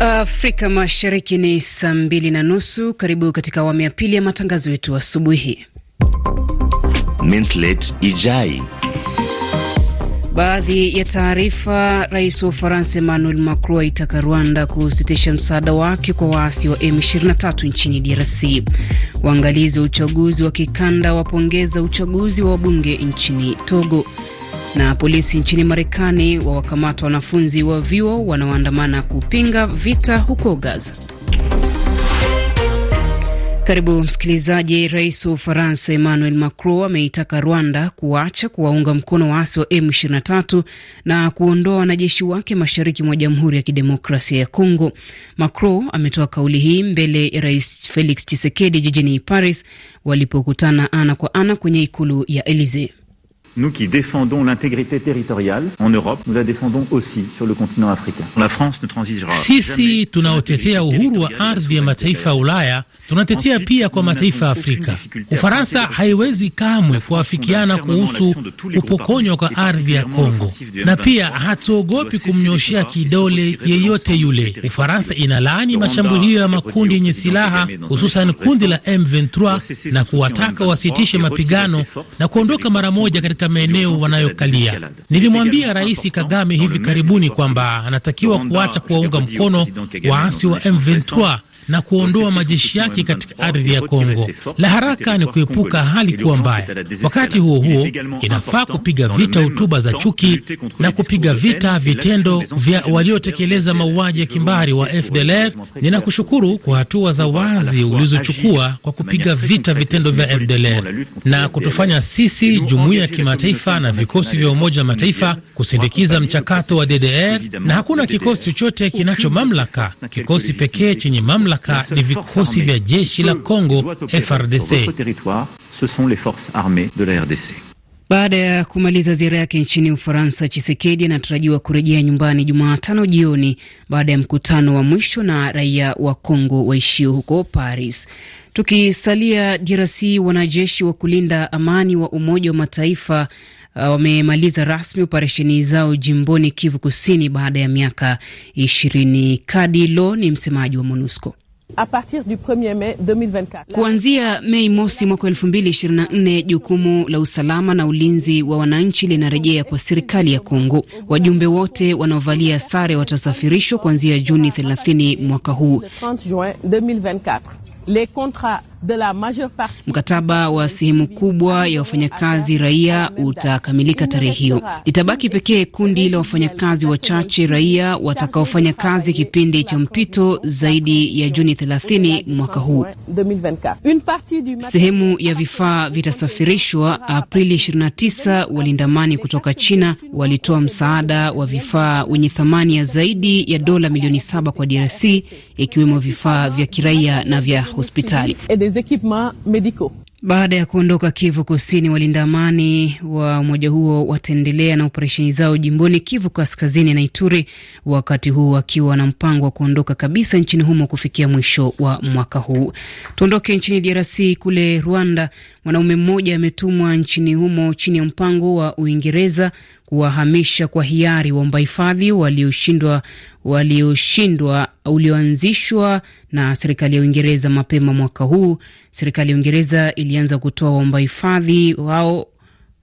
Afrika Mashariki ni saa mbili na nusu. Karibu katika awamu ya pili ya matangazo yetu asubuhi. Minslet Ijai. Baadhi ya taarifa: Rais wa Ufaransa Emmanuel Macron aitaka Rwanda kusitisha msaada wake kwa waasi wa M23 nchini DRC. Waangalizi wa uchaguzi wa kikanda wapongeza uchaguzi wa wabunge nchini Togo. Na polisi nchini Marekani wawakamata wanafunzi wa vyuo wanaoandamana kupinga vita huko Gaza. Karibu msikilizaji. Rais wa Ufaransa Emmanuel Macron ameitaka Rwanda kuacha kuwaunga mkono waasi wa M23 na kuondoa wanajeshi wake mashariki mwa Jamhuri ya Kidemokrasia ya congo Macron ametoa kauli hii mbele ya Rais Felix Tshisekedi jijini Paris walipokutana ana kwa ana kwenye ikulu ya elisee Nous qui défendons l'intégrité territoriale en Europe, nous la défendons aussi sur le continent africain. La France ne transigera. Sisi tunaotetea uhuru wa ardhi ya mataifa ya Ulaya tunatetea pia kwa mataifa ya Afrika. Ufaransa haiwezi kamwe kuafikiana kuhusu kupokonywa kwa ardhi ya Kongo, na pia hatuogopi kumnyoshea kidole yeyote yule. Ufaransa inalaani mashambulio ya makundi yenye silaha, hususan kundi la M23 na kuwataka wasitishe mapigano na kuondoka mara moja katika katika maeneo wanayokalia. Nilimwambia Rais Kagame hivi karibuni kwamba anatakiwa kuacha kuwaunga mkono waasi wa M23 na kuondoa majeshi yake katika ardhi ya Kongo. La haraka ni kuepuka hali kuwa mbaya. Wakati huo huo, inafaa kupiga vita hotuba za chuki na kupiga vita vitendo vya waliotekeleza mauaji ya kimbari wa FDLR. Ninakushukuru kwa hatua za wazi ulizochukua kwa kupiga vita vitendo vya FDLR na kutufanya sisi, jumuiya ya kimataifa na vikosi vya Umoja wa Mataifa kusindikiza mchakato wa DDR, na hakuna kikosi chochote kinacho mamlaka. Kikosi pekee chenye mamlaka mamlaka ni vikosi vya jeshi la Kongo FRDC. Baada ya kumaliza ziara yake nchini Ufaransa, Chisekedi anatarajiwa kurejea nyumbani Jumatano jioni baada ya mkutano wa mwisho na raia wa Kongo waishio huko Paris. Tukisalia DRC, wanajeshi wa kulinda amani wa Umoja wa Mataifa uh, wamemaliza rasmi operesheni zao jimboni Kivu Kusini baada ya miaka ishirini. Kadi Lo ni msemaji wa MONUSCO. Kuanzia Mei mosi mwaka 2024 jukumu la usalama na ulinzi wa wananchi linarejea kwa serikali ya Kongo. Wajumbe wote wanaovalia sare watasafirishwa kuanzia Juni 30 mwaka huu. Mkataba wa sehemu kubwa ya wafanyakazi raia utakamilika tarehe hiyo. Itabaki pekee kundi la wafanyakazi wachache raia watakaofanya kazi kipindi cha mpito zaidi ya Juni 30 mwaka huu. Sehemu ya vifaa vitasafirishwa. Aprili 29, walindamani kutoka China walitoa msaada wa vifaa wenye thamani ya zaidi ya dola milioni saba kwa DRC, ikiwemo vifaa vya kiraia na vya hospitali des équipements médicaux. Baada ya kuondoka Kivu Kusini, walinda amani wa umoja huo wataendelea na operesheni zao jimboni Kivu Kaskazini na Ituri, wakati huu wakiwa na mpango wa kuondoka kabisa nchini humo kufikia mwisho wa mwaka huu. Tuondoke nchini DRC. Kule Rwanda, mwanaume mmoja ametumwa nchini humo chini ya mpango wa Uingereza kuwahamisha kwa hiari waomba hifadhi walioshindwa walioshindwa ulioanzishwa na serikali ya Uingereza mapema mwaka huu. Serikali ya Uingereza ilianza kutoa waomba hifadhi wao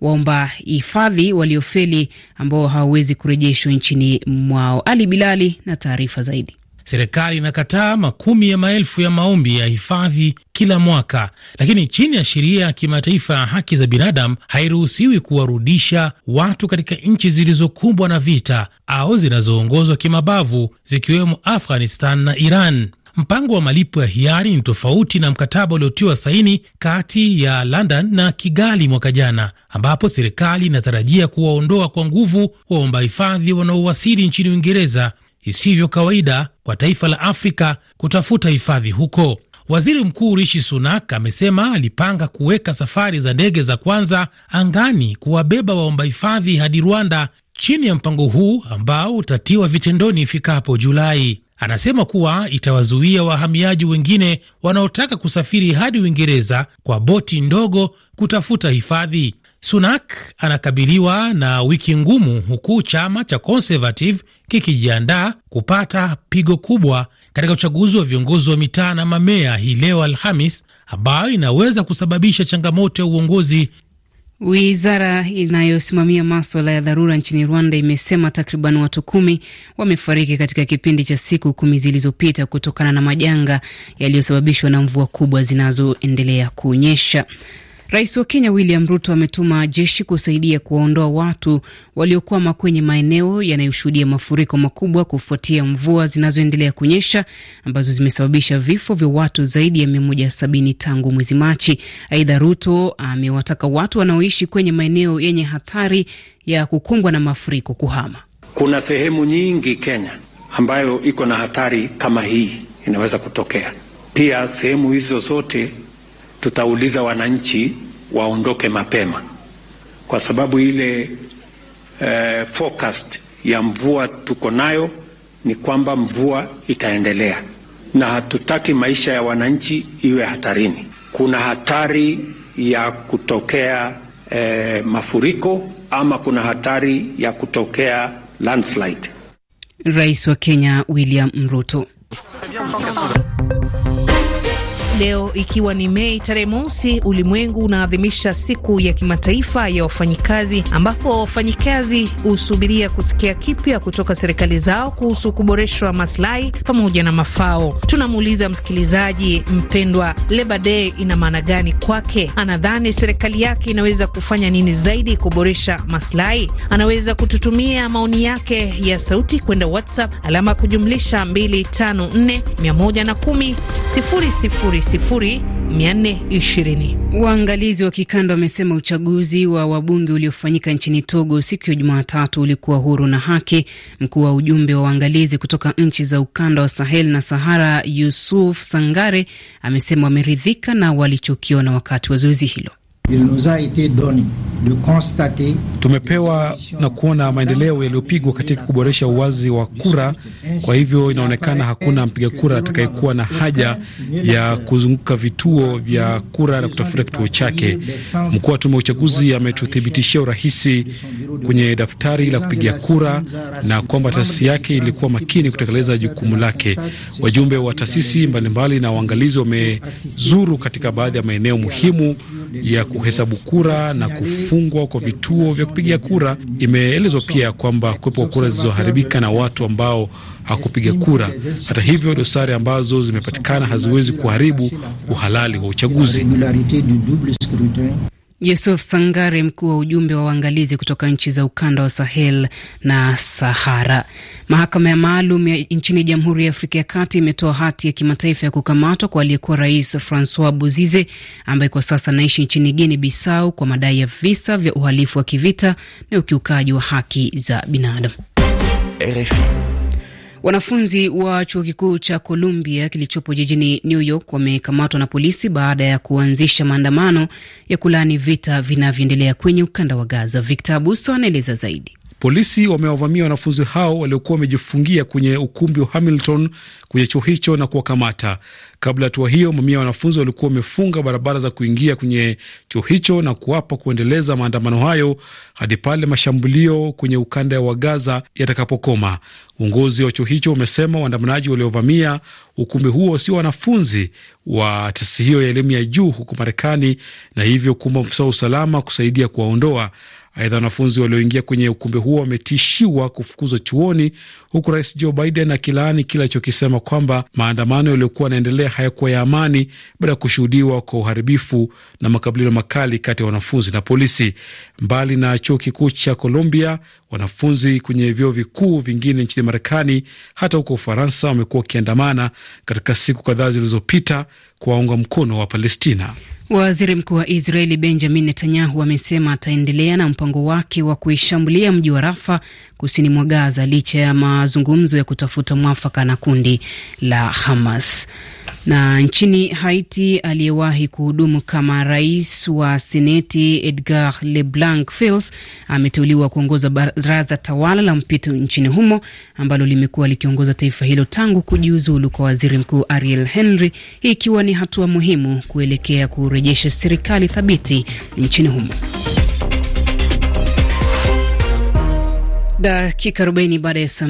waomba hifadhi waliofeli ambao hawawezi kurejeshwa nchini mwao. Ali Bilali na taarifa zaidi. Serikali inakataa makumi ya maelfu ya maombi ya hifadhi kila mwaka, lakini chini ya sheria ya kimataifa ya haki za binadamu hairuhusiwi kuwarudisha watu katika nchi zilizokumbwa na vita au zinazoongozwa kimabavu zikiwemo Afghanistan na Iran. Mpango wa malipo ya hiari ni tofauti na mkataba uliotiwa saini kati ya London na Kigali mwaka jana, ambapo serikali inatarajia kuwaondoa kwa nguvu waomba hifadhi wanaowasili nchini Uingereza isivyo kawaida kwa taifa la Afrika kutafuta hifadhi huko. Waziri Mkuu Rishi Sunak amesema alipanga kuweka safari za ndege za kwanza angani kuwabeba waomba hifadhi hadi Rwanda chini ya mpango huu ambao utatiwa vitendoni ifikapo Julai. Anasema kuwa itawazuia wahamiaji wengine wanaotaka kusafiri hadi Uingereza kwa boti ndogo kutafuta hifadhi. Sunak anakabiliwa na wiki ngumu huku chama cha Conservative kikijiandaa kupata pigo kubwa katika uchaguzi wa viongozi wa mitaa na mamea hii leo Alhamis, ambayo inaweza kusababisha changamoto ya uongozi. Wizara inayosimamia maswala ya dharura nchini Rwanda imesema takriban watu kumi wamefariki katika kipindi cha siku kumi zilizopita kutokana na majanga yaliyosababishwa na mvua kubwa zinazoendelea kuonyesha. Rais wa Kenya William Ruto ametuma jeshi kusaidia kuwaondoa watu waliokwama kwenye maeneo yanayoshuhudia mafuriko makubwa kufuatia mvua zinazoendelea kunyesha ambazo zimesababisha vifo vya watu zaidi ya 170 tangu mwezi Machi. Aidha, Ruto amewataka watu wanaoishi kwenye maeneo yenye hatari ya kukumbwa na mafuriko kuhama. Kuna sehemu nyingi Kenya ambayo iko na hatari kama hii inaweza kutokea. Pia sehemu hizo zote tutauliza wananchi waondoke mapema, kwa sababu ile eh, forecast ya mvua tuko nayo ni kwamba mvua itaendelea, na hatutaki maisha ya wananchi iwe hatarini. Kuna hatari ya kutokea eh, mafuriko ama kuna hatari ya kutokea landslide. Rais wa Kenya William Ruto Leo ikiwa ni Mei tarehe mosi, ulimwengu unaadhimisha siku ya kimataifa ya wafanyikazi, ambapo wafanyikazi husubiria kusikia kipya kutoka serikali zao kuhusu kuboreshwa maslahi pamoja na mafao. Tunamuuliza msikilizaji mpendwa, Labor Day ina maana gani kwake? Anadhani serikali yake inaweza kufanya nini zaidi kuboresha maslahi? Anaweza kututumia maoni yake ya sauti kwenda WhatsApp alama kujumlisha 254 110 000 sifuri 420. Waangalizi wa kikanda wamesema uchaguzi wa wabunge uliofanyika nchini Togo siku ya Jumatatu ulikuwa huru na haki. Mkuu wa ujumbe wa waangalizi kutoka nchi za ukanda wa Sahel na Sahara, Yusuf Sangare, amesema wameridhika na walichokiona wakati wa zoezi hilo. Tumepewa na kuona maendeleo yaliyopigwa katika kuboresha uwazi wa kura. Kwa hivyo inaonekana hakuna mpiga kura atakayekuwa na haja ya kuzunguka vituo vya kura na kutafuta kituo chake. Mkuu wa tume ya uchaguzi ametuthibitishia urahisi kwenye daftari la kupiga kura na kwamba taasisi yake ilikuwa makini kutekeleza jukumu lake. Wajumbe wa taasisi mbalimbali na waangalizi wamezuru katika baadhi ya maeneo muhimu ya kuhesabu kura na kufungwa kwa vituo vya kupiga kura. Imeelezwa pia kwamba kuwepo kwa kura zilizoharibika na watu ambao hakupiga kura. Hata hivyo, dosari ambazo zimepatikana haziwezi kuharibu uhalali wa uchaguzi. Yusuf Sangare, mkuu wa ujumbe wa uangalizi kutoka nchi za ukanda wa Sahel na Sahara. Mahakama ya maalum nchini Jamhuri ya Afrika ya Kati imetoa hati ya kimataifa ya kukamatwa kwa aliyekuwa rais Francois Bozize ambaye kwa sasa anaishi nchini Guinea Bissau kwa madai ya visa vya uhalifu wa kivita na ukiukaji wa haki za binadamu. RFI. Wanafunzi wa chuo kikuu cha Columbia kilichopo jijini New York wamekamatwa na polisi baada ya kuanzisha maandamano ya kulaani vita vinavyoendelea kwenye ukanda wa Gaza. Victor Abuso anaeleza zaidi. Polisi wamewavamia wanafunzi hao waliokuwa wamejifungia kwenye ukumbi wa Hamilton kwenye chuo hicho na kuwakamata. Kabla ya hatua hiyo, mamia ya wanafunzi walikuwa wamefunga barabara za kuingia kwenye chuo hicho na kuapa kuendeleza maandamano hayo hadi pale mashambulio kwenye ukanda wa Gaza yatakapokoma. Uongozi wa chuo hicho umesema waandamanaji waliovamia ukumbi huo sio wanafunzi wa taasisi hiyo ya elimu ya juu huko Marekani, na hivyo kuomba maafisa wa usalama kusaidia kuwaondoa. Aidha, wanafunzi walioingia kwenye ukumbi huo wametishiwa kufukuzwa chuoni, huku Rais Joe Biden akilaani kile alichokisema kwamba maandamano yaliyokuwa yanaendelea hayakuwa ya amani, baada ya kushuhudiwa kwa uharibifu na makabiliano makali kati ya wanafunzi na polisi. Mbali na chuo kikuu cha Columbia, wanafunzi kwenye vyuo vikuu vingine nchini Marekani, hata huko Ufaransa, wamekuwa wakiandamana katika siku kadhaa zilizopita kuwaunga mkono wa Palestina. Waziri mkuu wa Israeli Benjamin Netanyahu amesema ataendelea na mpango wake wa kuishambulia mji wa Rafa kusini mwa Gaza licha ya mazungumzo ya kutafuta mwafaka na kundi la Hamas. Na nchini Haiti, aliyewahi kuhudumu kama rais wa seneti Edgar Leblanc Fils ameteuliwa kuongoza baraza tawala la mpito nchini humo ambalo limekuwa likiongoza taifa hilo tangu kujiuzulu kwa waziri mkuu Ariel Henry, hii ikiwa ni hatua muhimu kuelekea kurejesha serikali thabiti nchini humo. Dakika 40 baada ya saa